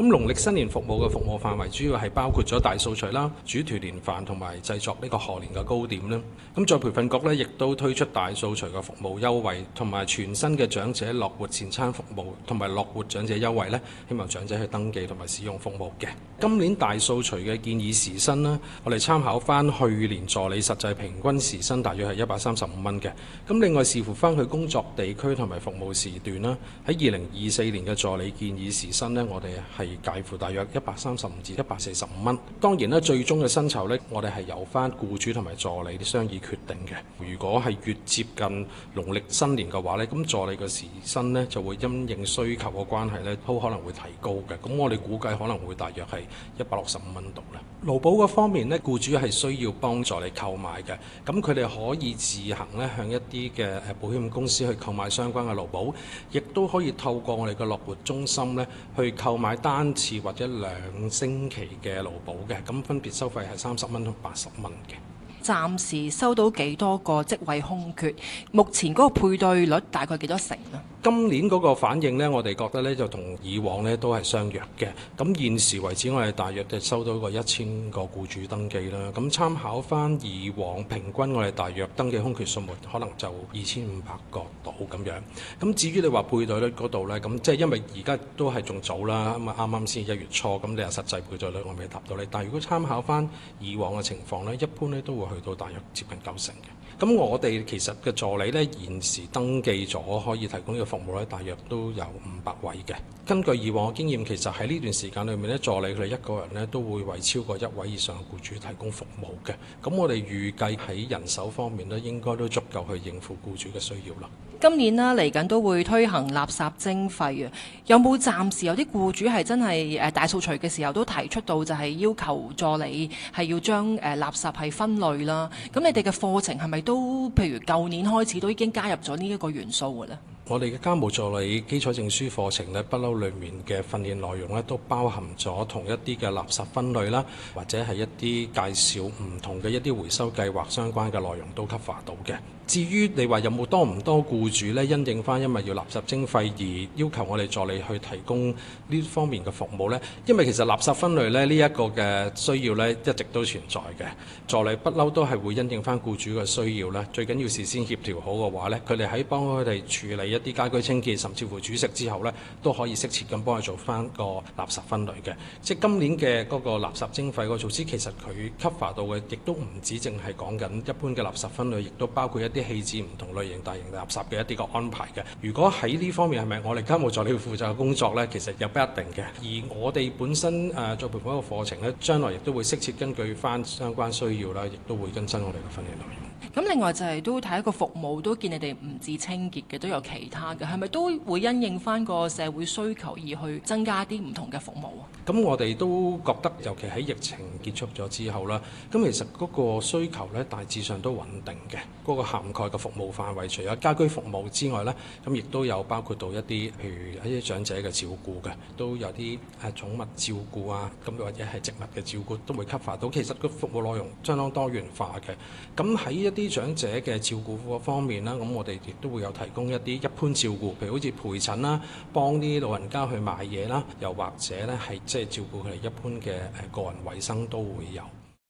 咁農曆新年服務嘅服務範圍主要係包括咗大掃除啦、煮團年飯同埋製作呢個賀年嘅糕點啦。咁再培訓局咧，亦都推出大掃除嘅服務優惠，同埋全新嘅長者樂活前餐服務同埋樂活長者優惠咧，希望長者去登記同埋使用服務嘅。今年大掃除嘅建議時薪啦，我哋參考翻去年助理實際平均時薪大約係一百三十五蚊嘅。咁另外視乎翻去工作地區同埋服務時段啦，喺二零二四年嘅助理建議時薪咧，我哋係。介乎大約一百三十五至一百四十五蚊。當然咧，最終嘅薪酬咧，我哋係由翻僱主同埋助理啲商議決定嘅。如果係越接近農曆新年嘅話咧，咁助理嘅時薪咧就會因應需求嘅關係咧，都可能會提高嘅。咁我哋估計可能會大約係一百六十五蚊度啦。勞保嗰方面咧，僱主係需要幫助你購買嘅。咁佢哋可以自行咧向一啲嘅保險公司去購買相關嘅勞保，亦都可以透過我哋嘅樂活中心咧去購買單。一次或者兩星期嘅勞保嘅，咁分別收費係三十蚊同八十蚊嘅。暫時收到幾多個職位空缺？目前嗰個配對率大概幾多成啊？今年嗰個反應呢，我哋覺得呢就同以往呢都係相若嘅。咁現時為止，我哋大約就收到一個一千個僱主登記啦。咁參考翻以往平均，我哋大約登記空缺數目可能就二千五百個度咁樣。咁至於你話配對率嗰度呢，咁即係因為而家都係仲早啦，咁啊啱啱先一月初，咁你話實際配對率我未答到你。但係如果參考翻以往嘅情況呢，一般呢都會去到大約接近九成嘅。咁我哋其實嘅助理呢，現時登記咗可以提供呢個服務呢，大約都有五百位嘅。根據以往嘅經驗，其實喺呢段時間裏面呢，助理佢哋一個人呢，都會為超過一位以上嘅僱主提供服務嘅。咁我哋預計喺人手方面呢，應該都足夠去應付僱主嘅需要啦。今年啦，嚟緊都會推行垃圾徵費啊！有冇暫時有啲僱主係真係誒、呃、大掃除嘅時候都提出到就係要求助理係要將誒、呃、垃圾係分類啦？咁你哋嘅課程係咪都譬如舊年開始都已經加入咗呢一個元素嘅咧？我哋嘅家務助理基礎證書課程呢不嬲裏面嘅訓練內容呢，都包含咗同一啲嘅垃圾分類啦，或者係一啲介紹唔同嘅一啲回收計劃相關嘅內容都 cover 到嘅。至於你話有冇多唔多僱主呢，因應翻因為要垃圾徵費而要求我哋助理去提供呢方面嘅服務呢？因為其實垃圾分類呢，呢、這、一個呢一個嘅需要呢一直都存在嘅，助理不嬲都係會因應翻僱主嘅需要呢，最緊要事先協調好嘅話呢，佢哋喺幫佢哋處理啲家居清潔，甚至乎煮食之後呢，都可以適切咁幫佢做翻個垃圾分類嘅。即係今年嘅嗰個垃圾徵費個措施，其實佢 cover 到嘅，亦都唔止淨係講緊一般嘅垃圾分類，亦都包括一啲棄置唔同類型大型垃圾嘅一啲個安排嘅。如果喺呢方面係咪我哋家務助理負責嘅工作呢，其實又不一定嘅。而我哋本身誒再培訓一個課程呢，將來亦都會適切根據翻相關需要啦，亦都會更新我哋嘅分類咁另外就係、是、都睇一個服務都見你哋唔止清潔嘅，都有其他嘅，係咪都會因應翻個社會需求而去增加一啲唔同嘅服務啊？咁我哋都覺得，尤其喺疫情結束咗之後啦，咁其實嗰個需求咧大致上都穩定嘅。嗰、那個涵蓋嘅服務範圍除咗家居服務之外咧，咁亦都有包括到一啲，譬如一啲長者嘅照顧嘅，都有啲誒寵物照顧啊，咁或者係植物嘅照顧都會 cover 到。其實個服務內容相當多元化嘅。咁喺啲長者嘅照顧方面啦，咁我哋亦都會有提供一啲一般照顧，譬如好似陪診啦，幫啲老人家去買嘢啦，又或者咧係即係照顧佢哋一般嘅誒個人衛生都會有。